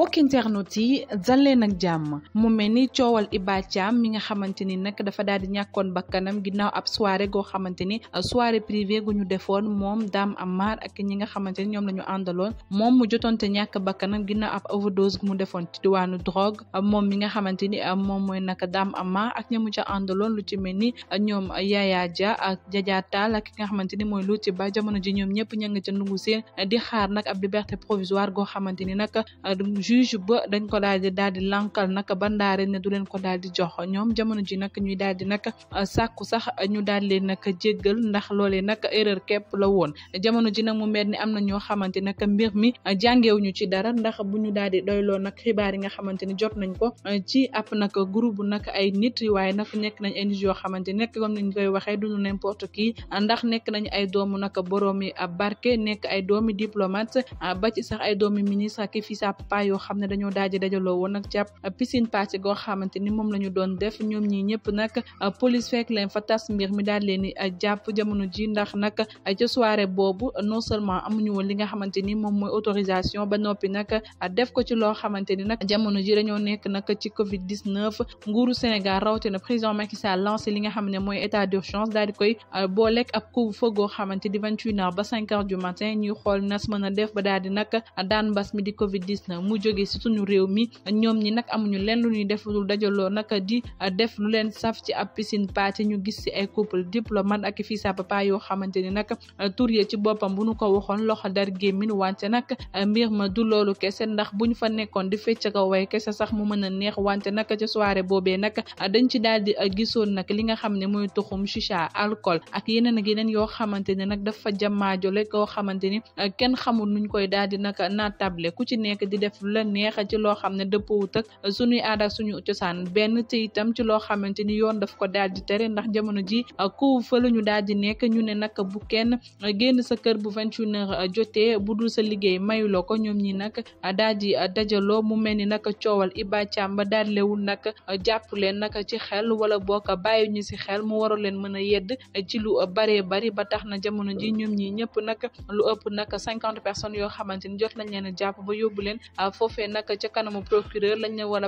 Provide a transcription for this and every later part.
mbokki internet yi dalleen ak jàmm mu mel ni coowal Iba Thiam mi nga xamante ni nag dafa daal di ñàkkoon bakkanam ginnaaw ab soirée goo xamante ni euh, soirée privée gu ñu defoon moom Dame maar ak ñi nga xamante ni ñoom la ñu moom mu jotonte ñàkk bakkanam ginnaaw ab overdose gu mu defoon ci diwaanu drogue euh, moom mi nga xamante ni euh, moom mooy nag Dame Amar ak ñamu ca àndaloon lu ci mel ni ñoom Yaya Dia ak Jaja Tall ki nga xamante ni mooy Louty Ba jamono ji ñoom ñëpp ña nga ca ndungu seen di xaar nag a liberté provisoire goo xamante ni nag juge ba dañ ko daal di daal di lankal nag bandaare ne du leen ko daal di jox ñoom jamono ji nag ñuy daal di nag euh, sàkku sax ñu daal leen nag jéggal ndax loolee nag erreur képp la woon jamono ji nag mu mel ni am na ñoo xamante nag mbir mi euh, jàngewuñu ci dara ndax bu ñu daal di doyloo nag xibaar yi nga xamante ni jot nañ ko euh, ci ab nag groupe nag ay nit waaye nag nekk nañ ay nit yoo xamante ni nag comme nañ koy waxee duñu n'importe qui ndax nekk nañ ay doomu nag boroomi barke nekk ay doomi diplomate ba ci sax ay doomi ministre xam ne dañoo daaji dajaloo woon nag jàpp piscine party goo xamante ni moom la ñu doon def ñoom ñi ñëpp nag police fekk leen fa tas mbir mi daal leen di jàpp jamono ji ndax nag ca soirée boobu non seulement amuñu woon li nga xamante ni moom mooy autorisation ba noppi nag def ko ci loo xamante ni nag jamono ji dañoo nekk nag ci covid 19 nguuru Sénégal rawatina président Macky Sall lancé li nga xam ne mooy état d'urgence daal di koy euh, booleeg ab couvre-feu goo xamante di vingt et une ba cinq heures du matin ñuy xool nas mën a def ba daal di nag daan mbas mi di covid 19 jógee si suñu réew mi ñoom ñi nag amuñu leen lu ñuy def lu dajaloo nag di def lu leen saf ci ab piscine party ñu gis si ay couple diplomate ak fii sa papa yoo xamante ne nag tur ya boppam bu ñu ko waxoon loxo dar gémmin wante nag mbir ma du loolu kese ndax buñ fa nekkoon di fecc ko way kese sax mu mën a neex wante nag ca soirée boobee nag dañ ci daal di gisoon nag li nga xam ne mooy tuxum chicha alcool ak yeneen ak yeneen yoo xamante ne nag dafa jamaajole koo xamante ni kenn xamul koy daal di lu la neex ci loo xam ne dëppoowut ak suñuy aada ak suñu cosaan benn te itam ci loo xamante ni yoon daf ko daal di tere ndax jamono ji uh, ku fa la ñu daal di nekk ñu ne nag bu kenn uh, génn sa kër bu vingt et une heures uh, jotee bu dul sa liggéey mayuloo ko ñoom ñi nag daal di dajaloo mu mel ni nag coowal Iba Thiam ba daal lewul nag jàpp leen nag ci xel wala bokk bàyyi ñu si xel mu waroon leen mën a yedd ci lu baree bari ba tax na jamono ji ñoom ñi ñëpp nag lu ëpp nag cinquante personnes yoo xamante ni jot nañ foofee nag ca kanamu procureur lañ la war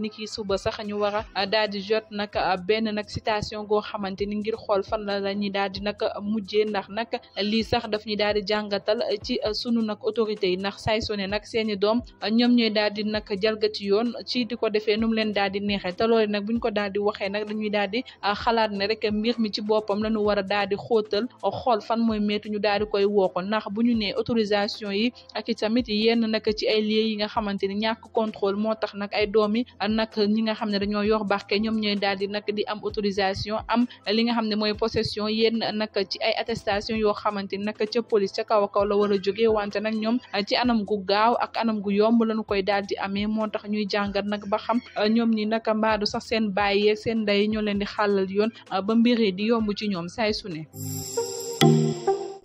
ni ki suba sax ñu war daal di jot nag benn nag citation goo xamante ni ngir xool fan la la ñuy daal di nag mujjee ndax nag lii sax daf ñu daal di jàngatal ci sunu nag autorité yi ndax saay su ne nag seeni doom ñoom ñooy daal di nag jalgati yoon ci di ko defee nu mu leen daal di neexee te loolu nag buñ ko daal di waxee nag dañuy daal di xalaat ne rek mbir mi ci boppam lañu war a daal di xóotal xool fan mooy métti ñu daal di koy woo ko ndax bu autorisation yi ak itamit yenn nag ci ay lieux yi nga xamante ni ñàkk contrôle moo tax nag ay doomi nag ñi nga xam ne dañoo yor barke ñoom ñooy daal di nag di am autorisation am li nga xam ne mooy possession yéen nag ci ay attestation yoo xamante ni nag ca police ca kaw a kaw la war wante nag ñoom ci anam gu gaaw ak anam gu yomb lañu koy daal di amee moo tax ñuy jàngat nag ba xam euh, ñoom ñi nag mbaadu sax seen baay yeeg seen ndey ñoo leen di xàllal yoon euh, ba mbir di yomb ci ñoom saay su ne